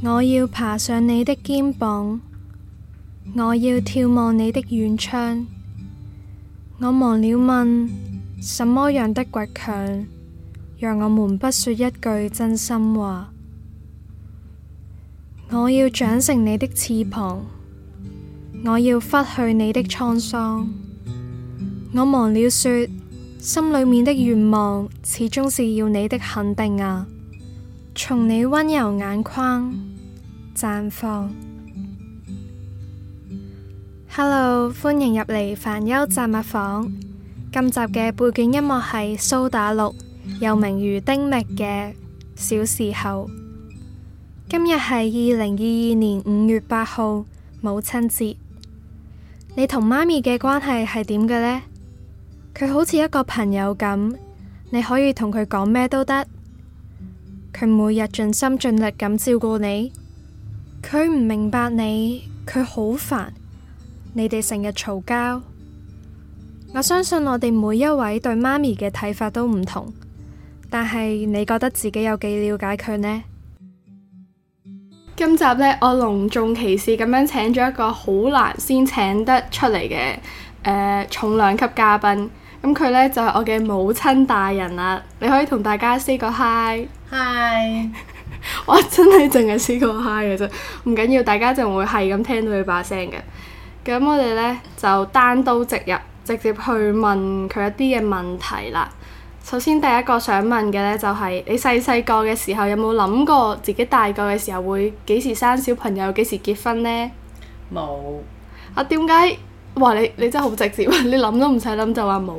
我要爬上你的肩膀，我要眺望你的遠窗，我忘了問什麼樣的倔強，讓我們不說一句真心話。我要長成你的翅膀，我要拂去你的滄桑，我忘了說，心裏面的願望始終是要你的肯定啊，從你溫柔眼眶。綻放。Hello，歡迎入嚟煩憂雜物房。今集嘅背景音樂係蘇打綠又名魚丁糸嘅《小時候》。今日係二零二二年五月八號，母親節。你同媽咪嘅關係係點嘅呢？佢好似一個朋友咁，你可以同佢講咩都得。佢每日盡心盡力咁照顧你。佢唔明白你，佢好煩，你哋成日嘈交。我相信我哋每一位對媽咪嘅睇法都唔同，但係你覺得自己有幾了解佢呢？今集呢，我隆重其事咁樣請咗一個好難先請得出嚟嘅，誒、呃，重量級嘉賓。咁、嗯、佢呢，就係、是、我嘅母親大人啦，你可以同大家 say 個 hi，hi。Hi. 我真係淨係試過嗨嘅啫，唔緊要，大家就唔會係咁聽到佢把聲嘅。咁我哋呢，就單刀直入，直接去問佢一啲嘅問題啦。首先第一個想問嘅呢，就係、是，你細細個嘅時候有冇諗過自己大個嘅時候會幾時生小朋友，幾時結婚呢？冇有。啊，點解？哇，你你真係好直接， 你諗都唔使諗就話冇。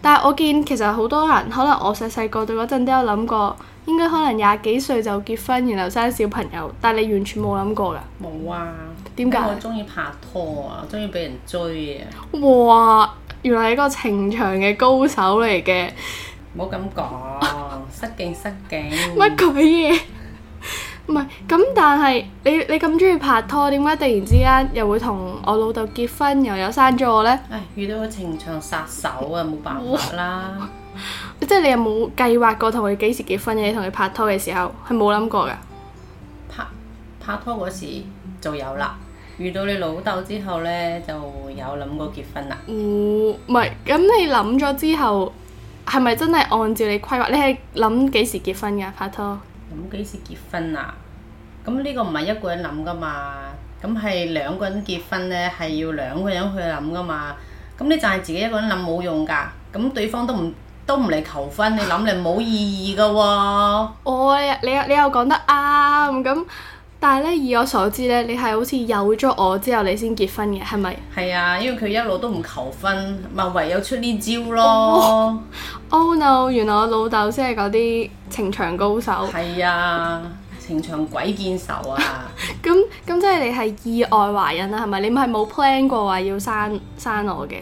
但係我見其實好多人，可能我細細個對嗰陣都有諗過，應該可能廿幾歲就結婚，然後生小朋友。但你完全冇諗過㗎。冇啊。點解？我中意拍拖啊，中意俾人追啊。哇！原來係一個情場嘅高手嚟嘅。唔好咁講， 失敬失敬。乜 鬼嘢？唔係，咁但係你你咁中意拍拖，點解突然之間又會同我老豆結婚，又有生咗我咧？哎，遇到個情場殺手啊，冇辦法啦！ 即係你有冇計劃過同佢幾時結婚嘅？你同佢拍拖嘅時候係冇諗過噶？拍拍拖嗰時就有啦，遇到你老豆之後呢，就有諗過結婚啦。唔係、嗯，咁你諗咗之後，係咪真係按照你規劃？你係諗幾時結婚噶？拍拖？咁幾時結婚啊？咁呢個唔係一個人諗㗎嘛，咁係兩個人結婚呢，係要兩個人去諗㗎嘛。咁你就係自己一個人諗冇用㗎。咁對方都唔都唔嚟求婚，你諗嚟冇意義㗎喎，啊。我呀，哦，你又你又講得啱咁。但係咧，以我所知咧，你係好似有咗我之後你先結婚嘅，係咪？係啊，因為佢一路都唔求婚，咪唯有出呢招咯。Oh, oh no！原來我老豆先係嗰啲情場高手。係啊，情場鬼見愁啊！咁咁 即係你係意外懷孕啊，係咪？你唔係冇 plan 過話要生生我嘅？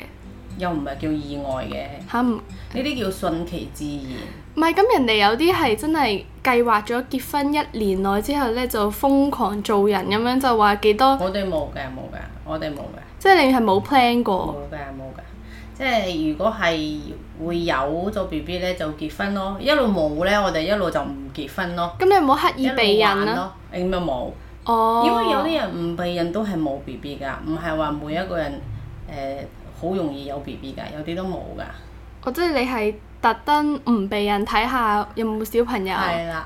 又唔係叫意外嘅吓？呢啲哈叫順其自然。唔係，咁人哋有啲係真係計劃咗結婚一年內之後咧，就瘋狂做人咁樣就，就話幾多？我哋冇嘅，冇嘅，我哋冇嘅。即係你係冇 plan 過。冇嘅，冇嘅。即係如果係會有咗 B B 咧，就結婚咯。一路冇咧，我哋一路就唔結婚咯。咁、嗯、你唔好刻意避孕啦。應該冇。哦。因為有啲人唔避孕都係冇 B B 噶，唔係話每一個人誒好、呃、容易有 B B 噶，有啲都冇噶。哦，即係你係。特登唔避孕睇下有冇小朋友，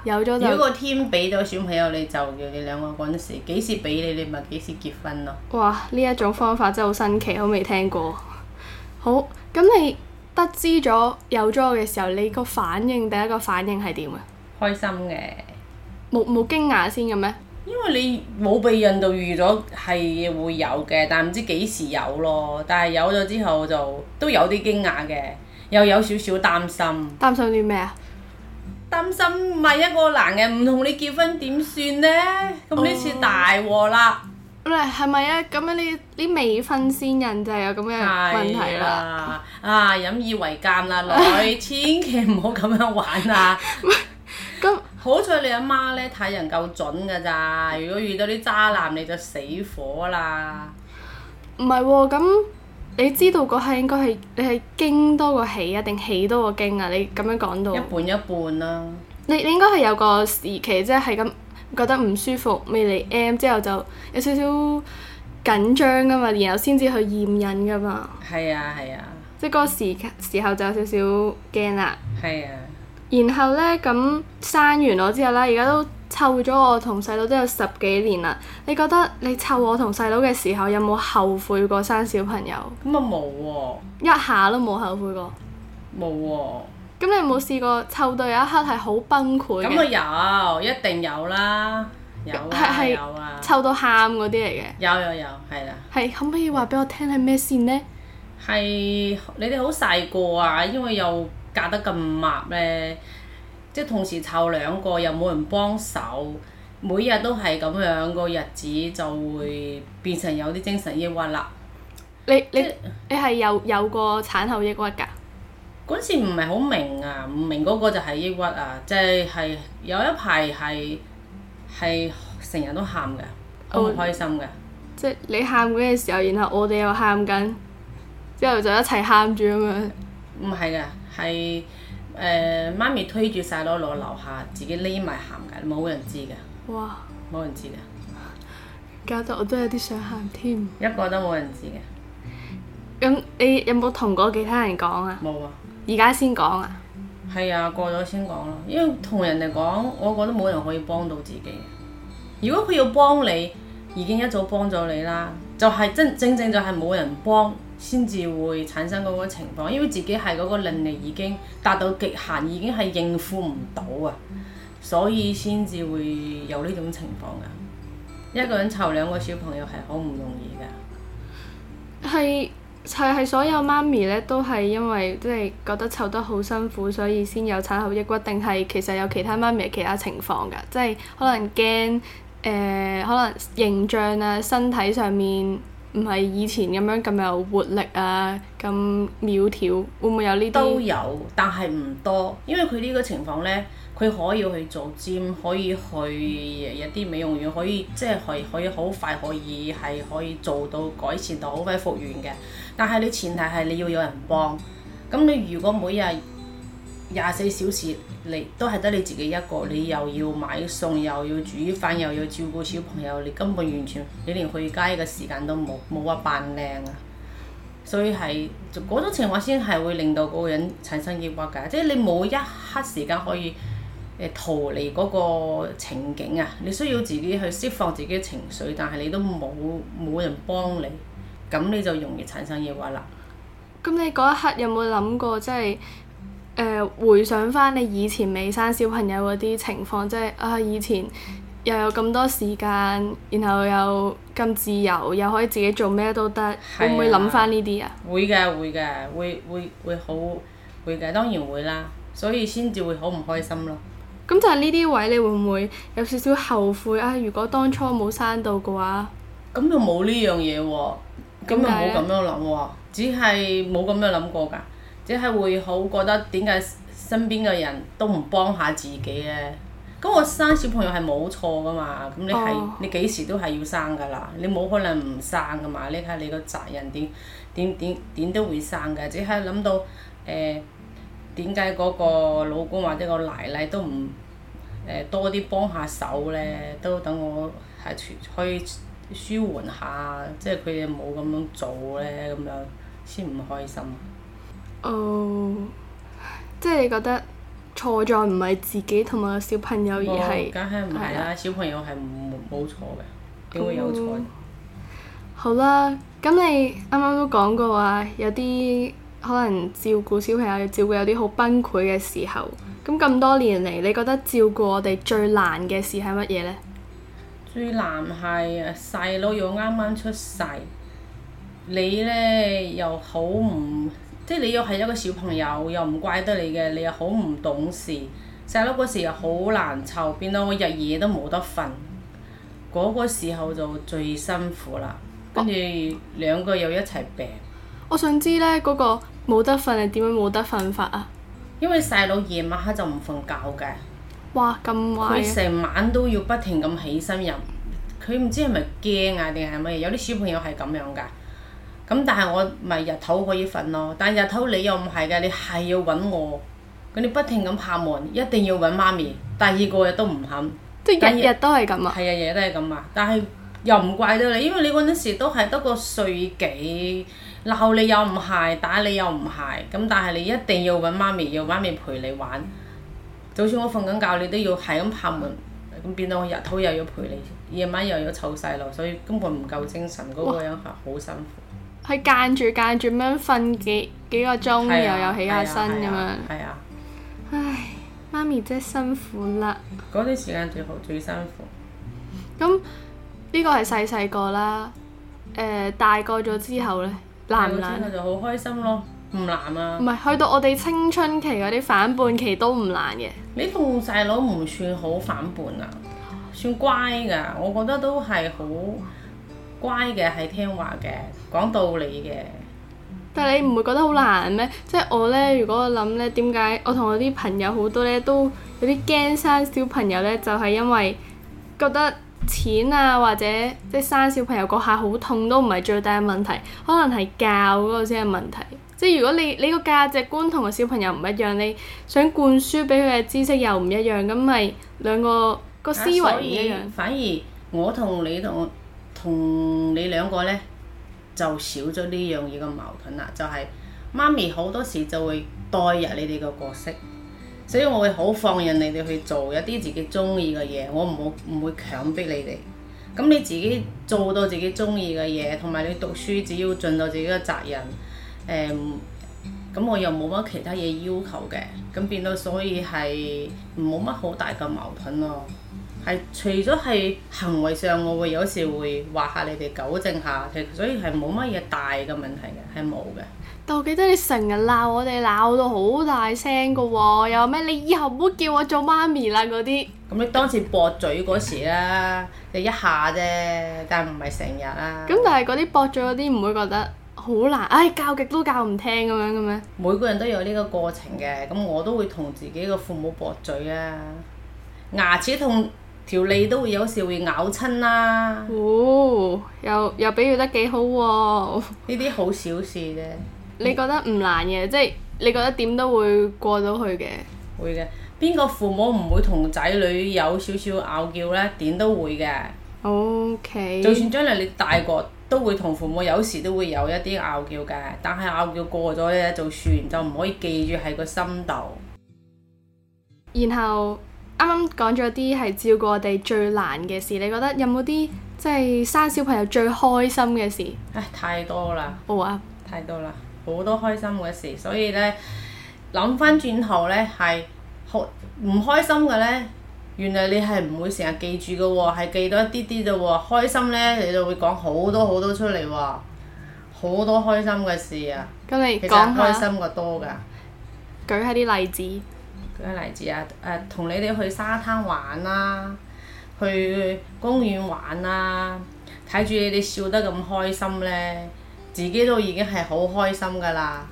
有咗了就。如果天俾咗小朋友，你就叫你兩個嗰陣時，幾時俾你，你咪幾時結婚咯。哇！呢一種方法真係好新奇，我未聽過。 好咁，你得知咗有咗我嘅時候，你個反應第一個反應係點啊？開心嘅。冇冇驚訝先嘅咩？因為你冇避孕到預咗係會有嘅，但唔知幾時有咯。但係有咗之後就都有啲驚訝嘅。又有少少擔心。擔心啲咩啊？擔心唔係一個男嘅唔同你結婚點算呢？咁呢次大禍啦！唔係咪啊？咁樣啲啲未婚先孕就係有咁樣問題啦！啊，引以為戒啦，女， 千祈唔好咁樣玩啊！咁 但好彩你阿媽呢睇人夠準㗎咋，如果遇到啲渣男你就死火啦！唔係喎，咁。你知道嗰下應該係你係驚多過喜啊，定喜多過驚啊？你咁樣講到一半一半啦、啊。你你應該係有個時期即係係咁覺得唔舒服未嚟 M 之後就有少少緊張噶嘛，然後先至去驗孕噶嘛。係啊，係啊。啊即係嗰個時，時候就有少少驚啦。係啊。然後咧咁生完我之後啦，而家都。湊咗我同細佬都有十幾年啦，你覺得你湊我同細佬嘅時候有冇後悔過生小朋友？咁啊冇喎，一下都冇後悔過。冇喎、啊。咁你有冇試過湊到有一刻係好崩潰？咁啊有，一定有啦，有啊，啊有啊。湊到喊嗰啲嚟嘅。有有有，係啦。係可唔可以話俾我聽係咩先呢？係你哋好細個啊，因為又隔得咁密咧。即係同時湊兩個又冇人幫手，每日都係咁樣，個日子就會變成有啲精神抑鬱啦。你即你你係有有過產後抑鬱㗎？嗰時唔係好明啊，唔明嗰個就係抑鬱啊，即係有一排係係成日都喊嘅，都唔開心嘅。Oh，即係你喊嗰陣時候，然後我哋又喊緊，之後就一齊喊住咁樣。唔係㗎，係。誒媽、呃、咪推住細佬落樓下，自己匿埋喊㗎，冇人知嘅。哇！冇人知嘅，搞到我都有啲想喊添。一個都冇人知嘅。咁你有冇同過其他人講啊？冇啊。而家先講啊？係、嗯、啊，過咗先講咯。因為同人哋講，我覺得冇人可以幫到自己。如果佢要幫你，已經一早幫咗你啦。就係、是、真，正正正就係冇人幫。先至會產生嗰個情況，因為自己係嗰個能力已經達到極限，已經係應付唔到啊，所以先至會有呢種情況噶。一個人湊兩個小朋友係好唔容易噶。係係係，所有媽咪呢都係因為即係覺得湊得好辛苦，所以先有產後抑鬱。定係其實有其他媽咪其他情況噶？即係可能驚誒，呃，可能形象啊、身體上面。唔係以前咁樣咁有活力啊，咁苗條，會唔會有呢啲？都有，但係唔多，因為佢呢個情況呢，佢可以去做 gym，可以去一啲美容院，可以即係可以好快可以係可以做到改善到，到好快復原嘅。但係你前提係你要有人幫，咁你如果每日，廿四小時你都係得你自己一個，你又要買餸，又要煮飯，又要照顧小朋友，你根本完全你連去街嘅時間都冇，冇話扮靚啊！所以係嗰種情況先係會令到嗰個人產生抑鬱㗎，即係你冇一刻時間可以呃逃離嗰個情景啊！你需要自己去釋放自己嘅情緒，但係你都冇，冇人幫你，咁你就容易產生抑鬱啦。咁你嗰一刻有冇諗過即係？就是誒、呃、回想翻你以前未生小朋友嗰啲情況，即係啊以前又有咁多時間，然後又咁自由，又可以自己做咩都得、啊，會唔會諗翻呢啲啊？會嘅會嘅會會會好會嘅當然會啦，所以先至會好唔開心咯。咁就係呢啲位，你會唔會有少少後悔啊？如果當初冇生到嘅話，咁就冇呢樣嘢喎，咁又冇咁樣諗喎，只係冇咁樣諗過㗎。即係會好覺得點解身邊嘅人都唔幫下自己咧？咁我生小朋友係冇錯噶嘛？咁你係你幾時都係要生噶啦，你冇可能唔生噶嘛？呢下你個責任點點點點都會生嘅，即係諗到誒點解嗰個老公或者個奶奶都唔誒、呃、多啲幫下手咧，都等我係去舒緩下，即係佢哋冇咁樣做咧，咁樣先唔開心。哦，oh, 即係你覺得錯在唔係自己同埋，小朋友，而係梗係唔係啦？對了。小朋友係冇錯嘅，點會有錯？Oh, 好啦，咁你啱啱都講過啊，有啲可能照顧小朋友要照顧有啲好崩潰嘅時候。咁咁多年嚟，你覺得照顧我哋最難嘅事係乜嘢呢？最難係細佬又啱啱出世，你呢又好唔～即係你又係一個小朋友，又唔怪得你嘅，你又好唔懂事，細佬嗰時又好難湊，變到我日夜都冇得瞓，嗰、嗰個時候就最辛苦啦。跟住兩個又一齊病。哦。我想知咧，嗰個冇得瞓係點樣冇得瞓法啊？因為細佬夜晚黑就唔瞓覺嘅。哇！咁壞！啊。佢成晚都要不停咁起身入。佢唔知係咪驚啊定係乜嘢？有啲小朋友係咁樣㗎。咁、嗯、但係我咪、就是、日頭可以瞓咯，但日頭你又唔係嘅，你係要揾我，咁你不停咁拍門，一定要揾媽咪。第二個日都唔肯，即日日，日都係咁啊。係啊，日日都係咁啊。但係又唔怪到你，因為你嗰陣時都係得個歲幾，鬧你又唔係，打你又唔係，咁但係你一定要揾媽咪，要媽咪陪你玩。就算我瞓緊覺，你都要係咁拍門，咁變到我日頭又要陪你，夜晚又要湊細路，所以根本唔夠精神。嗰、那個人係好辛苦。佢間住間住咁樣瞓幾幾個鐘，啊、又有起下身咁樣。係啊，啊啊唉，媽咪真係辛苦啦。嗰啲時間最好最辛苦。咁呢、嗯呢個係細細個啦，誒、呃、大個咗之後呢，難唔難？就好開心咯，唔難啊。唔係去到我哋青春期嗰啲反叛期都唔難嘅。你同細佬唔算好反叛啊，算乖㗎，我覺得都係好。乖嘅係聽話嘅，講道理嘅。嗯、但係你唔會覺得好難咩？即係我呢，如果我諗呢，點解我同我啲朋友好多呢，都有啲驚生小朋友呢，就係、是、因為覺得錢啊，或者即係生小朋友嗰下好痛都唔係最大嘅問題，可能係教嗰個先係問題。即係如果你你個價值觀同個小朋友唔一樣，你想灌輸俾佢嘅知識又唔一樣，咁咪兩個個思維唔一樣，啊。反而我同你同。同你兩個呢，就少咗呢樣嘢嘅矛盾啦。就係、是、媽咪好多時就會代入你哋嘅角色，所以我會好放任你哋去做一啲自己中意嘅嘢，我唔好唔會強迫你哋。咁你自己做到自己中意嘅嘢，同埋你讀書只要盡到自己嘅責任，誒、嗯、咁我又冇乜其他嘢要求嘅，咁變到所以係冇乜好大嘅矛盾咯。除咗係行為上，我會有時會話下你哋糾正下，其實所以係冇乜嘢大嘅問題嘅，係冇嘅。但我記得你成日鬧我哋，鬧到好大聲㗎喎、哦，又咩你以後唔好叫我做媽咪啦嗰啲。咁你當時駁嘴嗰時啦，就 一下啫，但係唔係成日啊。咁但係嗰啲駁嘴嗰啲唔會覺得好難，唉、哎、教極都教唔聽咁樣嘅咩？每個人都有呢個過程嘅，咁我都會同自己嘅父母駁嘴啊，牙齒痛。條脷都會有時會咬親啦、啊。哦，又又比喻得幾好喎！呢 啲好小事啫。 你覺得唔難嘅，即係你覺得點都會過到去嘅。會嘅，邊個父母唔會同仔女有少少拗撬呢？點都會嘅。OK。就算將來你大個，都會同父母有時都會有一啲拗撬嘅，但係拗撬過咗呢，就算，就唔可以記住喺個心度。然後。啱啱講咗啲係照顧我哋最難嘅事，你覺得有冇啲即係生小朋友最開心嘅事？唉、哎，太多啦，哦、啊，太多啦，好多開心嘅事。所以呢，諗翻轉頭呢，係唔開心嘅呢？原來你係唔會成日記住嘅喎，係記到一啲啲啫喎。開心呢，你就會講好多好多出嚟喎，好多開心嘅事啊。咁你講下其實開心嘅多㗎，舉下啲例子。舉個例子啊，誒，同你哋去沙灘玩啦、啊，去公園玩啦、啊，睇住你哋笑得咁開心咧，自己都已經係好開心噶啦。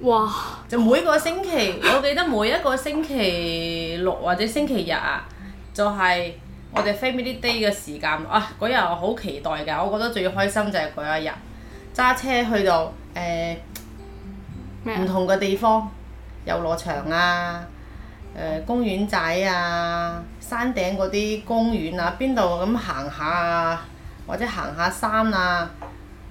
哇！就每個星期，我記得每一個星期六或者星期日、就是、啊，就係我哋 family day 嘅時間啊！嗰日我好期待㗎，我覺得最開心就係嗰一日，揸車去到誒唔、呃、麼同嘅地方。遊樂場啊、呃，公園仔啊，山頂嗰啲公園啊，邊度咁行下啊，或者行下山啊，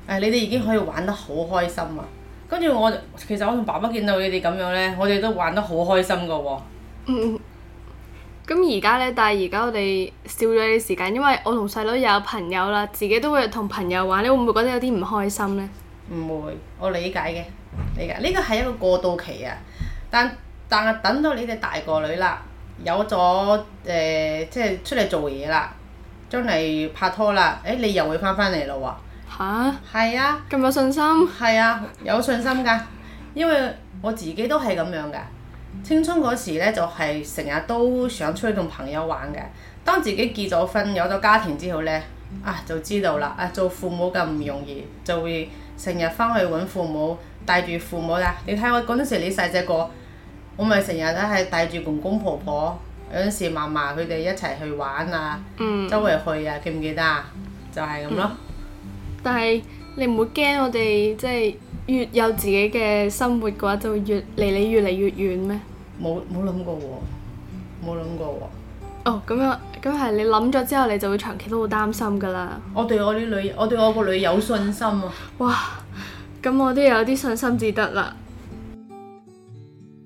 呃、你哋已經可以玩得好開心啊。跟住我，其實我同爸爸見到你哋咁樣呢，我哋都玩得好開心㗎喎、啊 嗯。嗯，咁而家呢，但係而家我哋少咗啲時間，因為我同細佬又有朋友啦，自己都會同朋友玩，你會唔會覺得有啲唔開心呢？唔會，我理解嘅，理解呢個係一個過渡期啊。但但係等到你哋大個女啦，有咗誒、呃，即係出嚟做嘢啦，將嚟拍拖啦，誒、欸、你又會翻翻嚟咯喎嚇，係啊，咁、啊、有信心，係啊，有信心㗎，因為我自己都係咁樣㗎。青春嗰時咧就係成日都想出去同朋友玩嘅，當自己結咗婚有咗家庭之後咧。啊，就知道啦！啊，做父母咁唔容易，就會成日返去揾父母，帶住父母啦。你睇我嗰陣時你細細個，我咪成日都係帶住公公婆婆、有陣時嫲嫲佢哋一齊去玩啊，嗯、周圍去啊，記唔記得啊？就係、是、咁咯。嗯、但係你唔會驚我哋即係越有自己嘅生活嘅話，就會越離你越嚟越遠咩？冇冇諗過喎、哦，冇諗過喎、哦。哦，咁樣咁係你諗咗之後，你就會長期都好擔心噶啦。我對我啲女，我對我個女有信心啊。哇，咁我都有啲信心至得啦。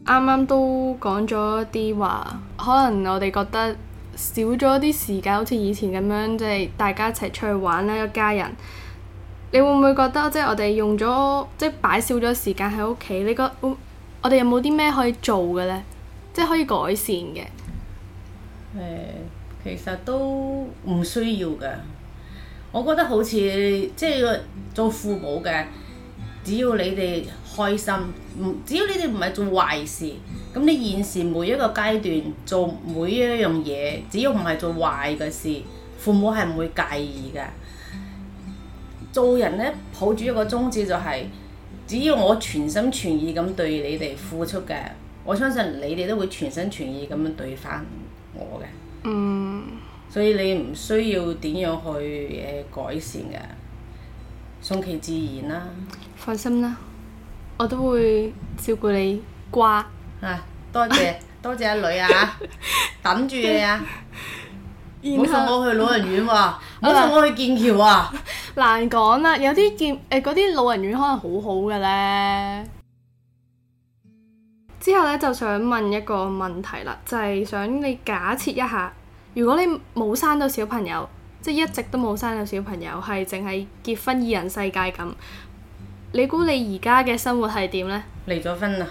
啱啱都講咗啲話，可能我哋覺得少咗啲時間，好似以前咁樣，即係大家一齊出去玩啦，一家人。你會唔會覺得即係我哋用咗即係擺少咗時間喺屋企？你覺得我哋有冇啲咩可以做嘅呢？即係可以改善嘅。誒、呃，其實都唔需要嘅。我覺得好似即係做父母嘅，只要你哋開心，唔只要你哋唔係做壞事，咁你現時每一個階段做每一樣嘢，只要唔係做壞嘅事，父母係唔會介意嘅。做人呢，抱住一個宗旨就係、是，只要我全心全意咁對你哋付出嘅，我相信你哋都會全心全意咁樣對返。嗯，所以你唔需要點樣去誒改善嘅，順其自然啦、啊，放心啦，我都會照顧你啩，啊，多謝 多謝阿女啊，等住你啊，好， 送我去老人院喎、啊，冇 送我去劍橋啊， 難講啦，有啲劍誒嗰啲老人院可能好好嘅咧。之後咧就想問一個問題啦，就係想你假設一下，如果你冇生到小朋友，即係一直都冇生到小朋友，係淨係結婚二人世界咁，你估你而家嘅生活係點呢？離咗婚啦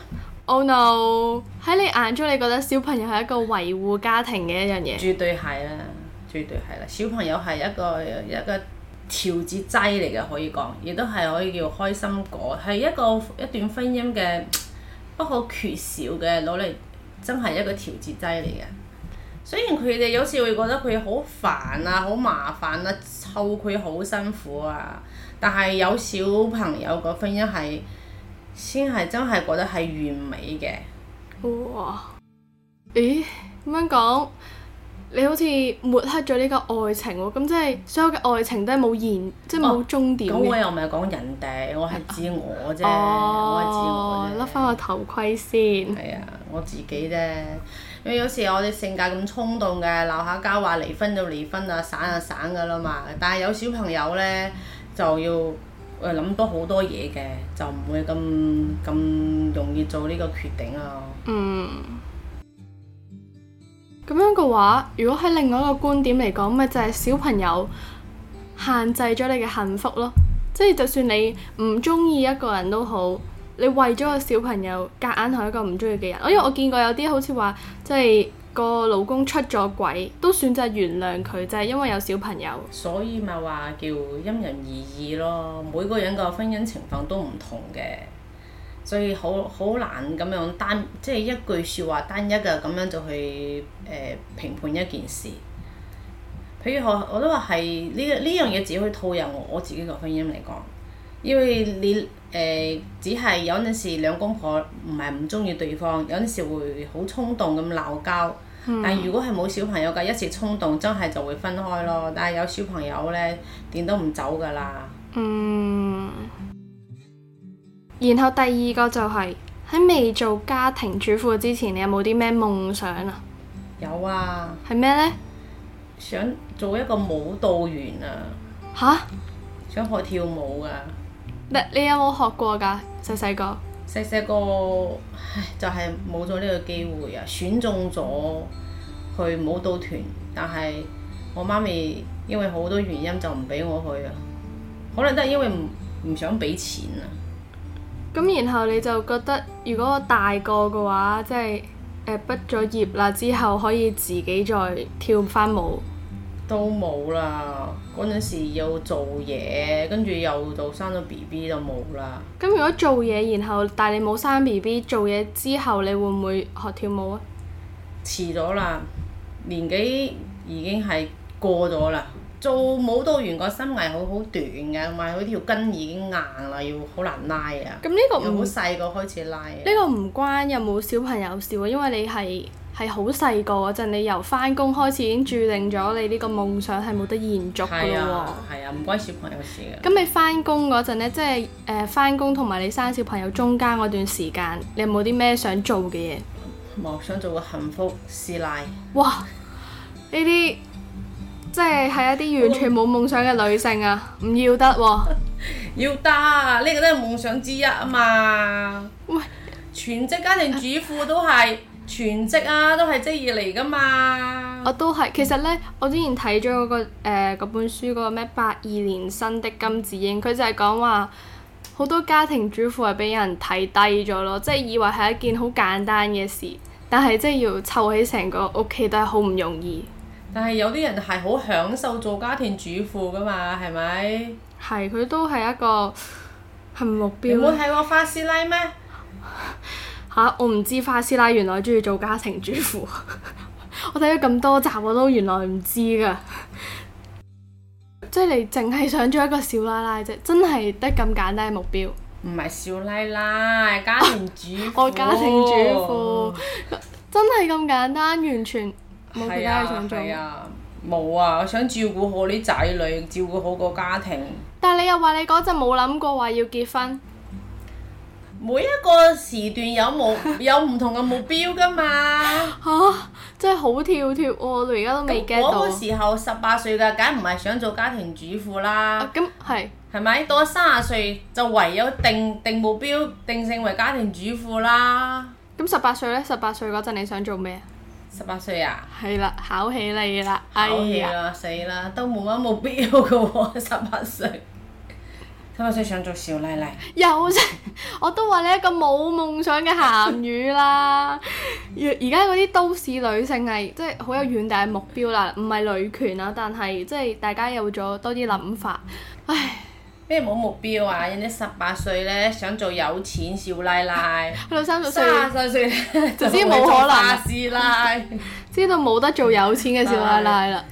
！Oh no！喺你眼中，你覺得小朋友係一個維護家庭嘅一樣嘢？絕對係啦，絕對係啦，小朋友係一個一個調節劑嚟嘅，可以講，亦都係可以叫開心果，係一個一段婚姻嘅。不過缺少嘅攞嚟真係一個調節劑嚟嘅，雖然佢哋有時會覺得佢好煩啊，好麻煩啊，湊佢好辛苦啊，但係有小朋友個婚姻係先係真係覺得係完美嘅。哇！咦咁樣講？你好似抹黑咗呢個愛情喎，咁即係所有嘅愛情都係冇現，啊、即係冇終點嘅。咁、啊、我又唔係講人哋，我係指我啫。我係指我、啊、哦，甩翻個頭盔先。係啊，我自己啫。因為有時我哋性格咁衝動嘅，鬧下交話離婚就離婚啊，散啊散噶啦嘛。但係有小朋友咧，就要誒諗多好多嘢嘅，就唔會咁咁容易做呢個決定啊。嗯。咁樣嘅話，如果喺另外一個觀點嚟講，咪就係小朋友限制咗你嘅幸福咯。即係就算你唔中意一個人都好，你為咗個小朋友，夾硬同一個唔中意嘅人。我因為我見過有啲好似話，即係個老公出咗軌，都選擇原諒佢，就係因為有小朋友。所以咪話叫因人而異咯，每個人個婚姻情況都唔同嘅。所以好好難咁樣單，即係一句説話單一嘅咁樣就去誒、呃、評判一件事。譬如我我都話係呢呢樣嘢只可以套入我自己個婚姻嚟講，因為你誒、呃、只係有陣時兩公婆唔係唔中意對方，有陣時會好衝動咁鬧交。嗯、但如果係冇小朋友嘅，一時衝動真係就會分開咯。但係有小朋友咧，點都唔走㗎啦。嗯。然後第二個就係喺未做家庭主婦之前，你有冇啲咩夢想啊？有啊。係咩呢？想做一個舞蹈員啊！吓？想學跳舞啊！你有冇學過㗎？細細個細細個就係冇咗呢個機會啊！選中咗去舞蹈團，但係我媽咪因為好多原因就唔俾我去啊。可能都係因為唔唔想俾錢啊。咁然後你就覺得，如果我大個嘅話，即係誒、呃、畢咗業啦之後，可以自己再跳翻舞，都冇啦。嗰陣時要做嘢，跟住又到生咗 B B 就冇啦。咁如果做嘢，然後但你冇生 B B，做嘢之後你會唔會學跳舞啊？遲咗啦，年紀已經係過咗啦。做舞蹈員個生涯，好好短嘅，同埋佢條筋已經硬啦，要好難拉嘅。咁呢個唔好細個開始拉。呢個唔關有冇小朋友事喎，因為你係係好細個嗰陣，你由返工開始已經註定咗你呢個夢想係冇得延續嘅咯喎。係啊，唔、啊、關小朋友事嘅。咁你返工嗰陣咧，即係誒返工同埋你生小朋友中間嗰段時間，你有冇啲咩想做嘅嘢？冇想做個幸福師奶。哇！呢啲～即係喺一啲完全冇夢想嘅女性啊，唔 要得喎、哦！ 要得，呢個都係夢想之一啊嘛！喂， 全職家庭主婦都係全職啊，都係職業嚟噶嘛！我都係，其實呢，我之前睇咗、嗰個誒嗰、呃、本書嗰、嗰個咩《八二年生的金智英》說說，佢就係講話好多家庭主婦係俾人睇低咗咯，即係以為係一件好簡單嘅事，但係即係要湊起成個屋企都係好唔容易。但係有啲人係好享受做家庭主婦噶嘛，係咪？係，佢都係一個目標。你冇睇過花師奶咩？吓、啊，我唔知花師奶原來中意做家庭主婦。 我睇咗咁多集，我都原來唔知㗎。即 係你淨係想做一個少奶奶啫，真係得咁簡單嘅目標。唔係少奶奶，家庭主婦、啊。我家庭主婦 真係咁簡單，完全。冇啊，我、啊啊、想照顧好啲仔女，照顧好個家庭。但係你又話你嗰陣冇諗過話要結婚。每一個時段有冇有唔同嘅目標㗎嘛？嚇、 啊！真係好跳脫喎、啊！我而家都未記得。我嗰時候十八歲㗎，梗唔係想做家庭主婦啦。咁係係咪到咗三十歲就唯有定定目標，定性為家庭主婦啦？咁十八歲呢？十八歲嗰陣你想做咩？十八歲啊！係啦，考起你啦！考起啦，哎呀，死啦，都冇乜目標噶喎，十八歲，十八歲想做少奶奶？有啫，我都話你一個冇夢想嘅鹹魚啦。而家嗰啲都市女性係即係好有遠大嘅目標啦，唔係女權啦，但係即係大家有咗多啲諗法，唉。咩冇目標啊！人哋十八歲咧想做有錢少奶奶，去到三十、三廿歲咧，知冇可能， 知道冇得做有錢嘅少奶奶啦。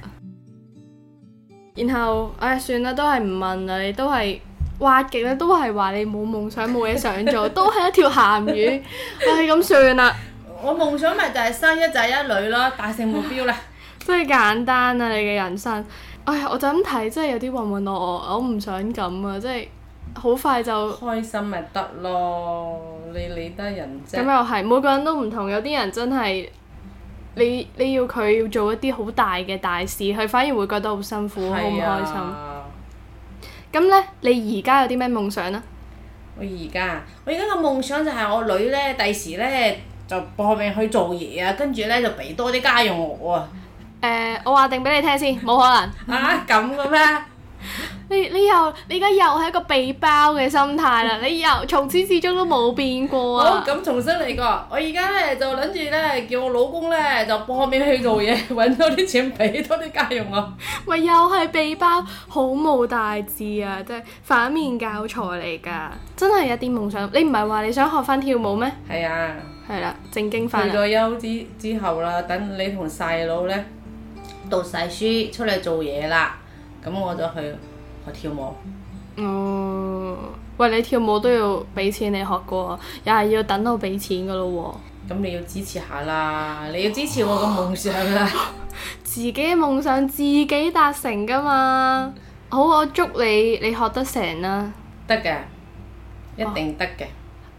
Bye. 然後，唉、哎，算啦，都係唔問啦你都，都係挖極啦，都係話你冇夢想，冇嘢想做， 都係一條鹹魚。唉、 哎，咁算啦。我夢想咪就係生一仔一女咯，達成目標啦。 真係簡單啊！你嘅人生。哎，我就咁睇，真係有啲混混噩噩，我唔想咁啊！即係好快就開心咪得咯，你理得人咁、啊、又係，每個人都唔同，有啲人真係你你要佢要做一啲好大嘅大事，佢反而會覺得好辛苦，好唔、啊、開心。咁呢，你而家有啲咩夢想呢？我而家我而家嘅夢想就係我女呢，第時呢就搏命去做嘢啊，跟住呢就俾多啲家用我啊！誒、呃，我話定俾你聽先，冇可能。嚇咁嘅咩？你又你又你而家又係一個被包嘅心態啦， 你又從始至終都冇變過啊！咁重新嚟過。我而家咧就諗住咧叫我老公咧就搏命去做嘢，揾多啲錢俾多啲家用咯、啊。咪 又係被包，好冇大志啊！即係反面教材嚟㗎，真係有啲夢想。你唔係話你想學翻跳舞咩？係啊。係啦，正經翻。去咗休之之後啦，等你同細佬咧，讀晒書出嚟做嘢啦，咁我就去學跳舞。嗯，喂，你跳舞都要俾錢你學噶，又係要等到俾錢噶咯喎。咁你要支持下啦，你要支持我個夢想啦。 自己嘅夢想自己達成噶嘛。好，我祝你你學得成啦。得嘅，一定得嘅。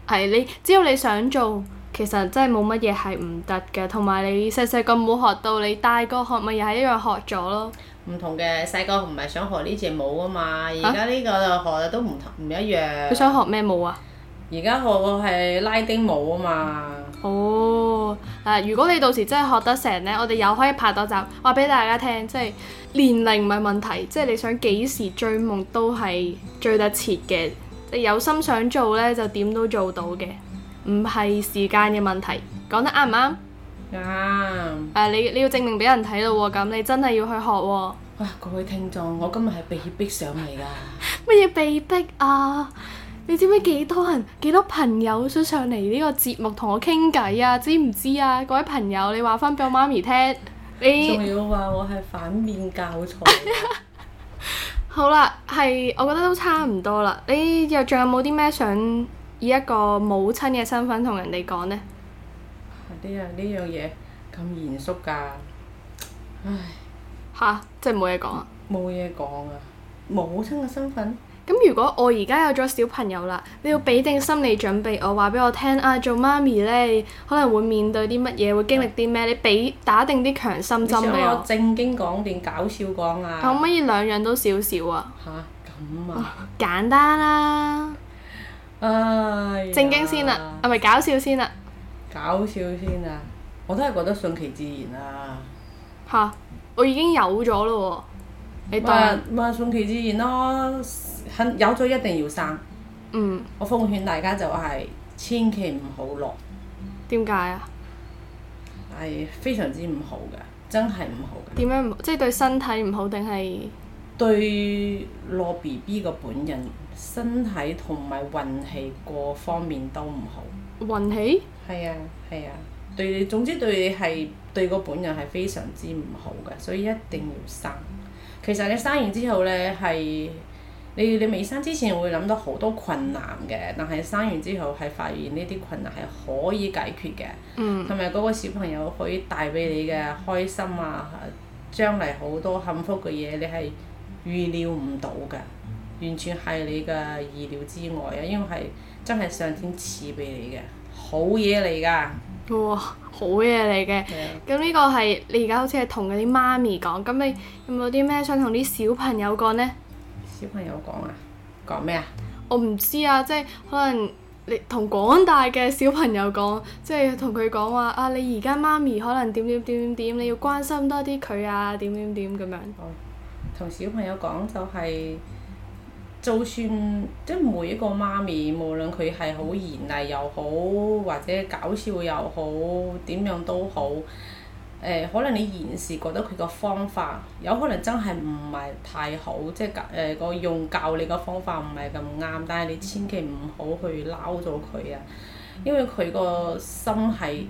係、哦、你，只要你想做。其實真係冇乜嘢係唔得嘅，同埋你細細個冇學到，你大個學咪又係一樣學咗咯。唔同嘅細個唔係想學呢隻舞啊嘛，而家呢個學都唔同唔一樣。啊，佢想學咩舞啊？而家學嘅係拉丁舞啊嘛。哦，誒，啊，如果你到時真係學得成呢，我哋又可以拍多集話俾大家聽，即係年齡唔係問題，即係你想幾時追夢都係追得切嘅，即有心想做呢，就點都做到嘅。唔係時間嘅問題，講得啱唔啱？啱、嗯。誒、啊，你你要證明俾人睇咯喎，咁你真係要去學喎。哇！各位聽眾，我今日係被逼上嚟㗎。乜嘢被逼啊？你知唔知幾多人、幾多朋友想上嚟呢個節目同我傾偈啊？知唔知啊？各位朋友，你話翻俾我媽咪聽。你仲要話我係反面教材。 好啦，係，我覺得都差唔多啦。你又仲有冇啲咩想，以一個母親嘅身份同人哋講呢，啲啊呢樣嘢咁嚴肅噶，唉，吓，真係冇嘢講啊！冇嘢講啊！母親嘅身份咁，如果我而家有咗小朋友啦，你要俾定心理準備。我話俾我聽啊，做媽咪呢可能會面對啲乜嘢，會經歷啲咩？啊、你俾打定啲強心針啊！你正經講定搞笑講啊？可唔可以兩樣都少少啊？吓，咁啊！idad idad 簡單啦、啊、～哎、正經先啦、啊，係咪搞笑先啦、啊。搞笑先啊，我都係覺得順其自然啊。吓？我已經有咗啦喎。咪咪順其自然咯，肯有咗一定要生。嗯，我奉勸大家就係千祈唔好落。點解啊？係非常之唔好嘅，真係唔好嘅。點樣唔即係對身體唔好定係？對落 B B 個本人身體同埋運氣各方面都唔好。運氣？係啊係啊，對你，總之對你係對個本人係非常之唔好嘅，所以一定要生。其實你生完之後呢，係你你未生之前會諗到好多困難嘅，但係生完之後係發現呢啲困難係可以解決嘅，同埋嗰個小朋友可以帶俾你嘅開心啊，將來好多幸福嘅嘢，你係。預料唔到㗎，完全係你嘅意料之外啊！因為係真係上天賜俾你嘅好嘢嚟㗎，哇！好嘢嚟嘅。咁呢個係你而家好似係同嗰啲媽咪講，咁你有冇啲咩想同啲小朋友講呢？小朋友講啊，講咩啊？我唔知啊，即係可能你同廣大嘅小朋友講，即係同佢講話啊，你而家媽咪可能點點點點點，你要關心多啲佢啊，點點點咁樣。同小朋友講就係、是，就算即係每一個媽咪，無論佢係好嚴厲又好，或者搞笑又好，點樣都好。誒、呃，可能你現時覺得佢個方法有可能真係唔係太好，即誒個、呃、用教你個方法唔係咁啱，但係你千祈唔好去撈咗佢啊，因為佢個心係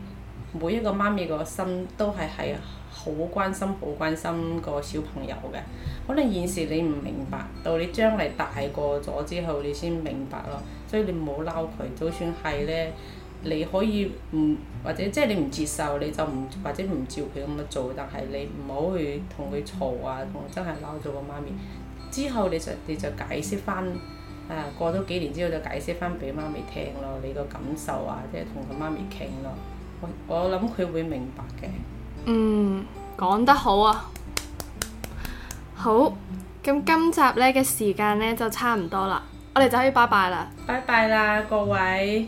每一個媽咪個心都係喺，好關心，好關心個小朋友嘅。可能現時你唔明白，到你將來大過咗之後，你先明白咯。所以你唔好鬧佢，就算係咧，你可以唔或者即係你唔接受，你就唔或者唔照佢咁樣做。但係你唔好去同佢嘈啊！同佢真係鬧咗個媽咪之後，你就你就解釋翻。誒過咗幾年之後，就解釋翻俾媽咪聽咯，你個感受啊，即係同個媽咪傾咯。我我諗佢會明白嘅。嗯，講得好啊！好，咁今集呢嘅時間呢就差唔多啦，我哋就可以拜拜啦，拜拜啦各位！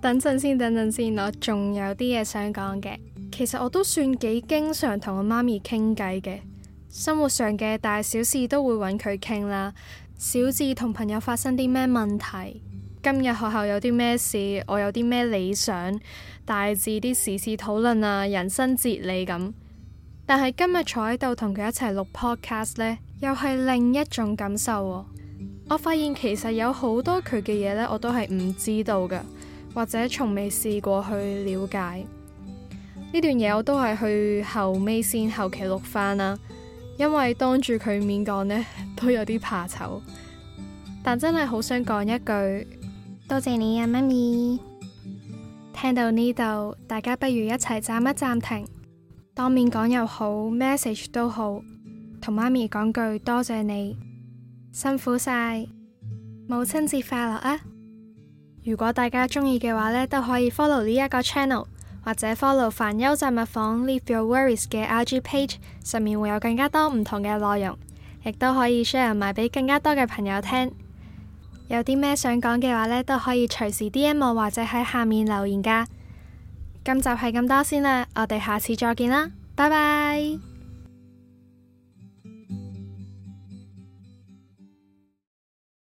等陣先，等陣先，我仲有啲嘢想講嘅。其實我都算幾經常同我媽咪傾偈嘅，生活上嘅大小事都會揾佢傾啦，小至同朋友發生啲咩問題。今日學校有啲咩事？我有啲咩理想？大致啲時事討論啊，人生哲理咁。但係今日坐喺度同佢一齊錄 podcast 呢，又係另一種感受喎。我發現其實有好多佢嘅嘢呢，我都係唔知道噶，或者從未試過去了解。呢段嘢我都係去後尾先後期錄翻，啦，因為當住佢面講呢，都有啲怕醜，但真係好想講一句。多謝你啊，媽咪！聽到呢度，大家不如一齊暫一暫停，當面講又好，message 都好，同媽咪講句多謝你，辛苦晒，母親節快樂啊！如果大家中意嘅話呢，都可以 follow 呢一個 channel，或者 follow 煩憂雜物房 Leave Your Worries 嘅 IG page，上面會有更加多唔同嘅內容，亦都可以 share 埋俾更加多嘅朋友聽。有啲咩想講嘅話咧，都可以隨時 DM 我或者喺下面留言噶。噉就係咁多先啦，我哋下次再見啦，拜拜。